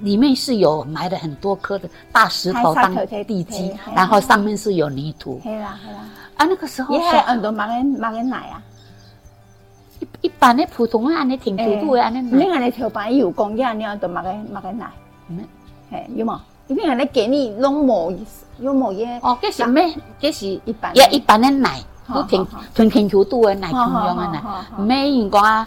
裏面是有埋了很多顆的大石頭當地基，然後上面是有泥土。是啦是啦。啊，那個時候也很多馬鞍馬鞍奶啊。一一般的普通的安尼甜酒肚安尼，你安尼調拌有工業安尼都馬鞍馬鞍奶。嗯，嘿，有冇？一般安尼給你攏冇，有冇嘢？哦，這是咩？這是一般。一一般的奶都甜純甜酒肚的奶，純羊安奶，沒人工啊。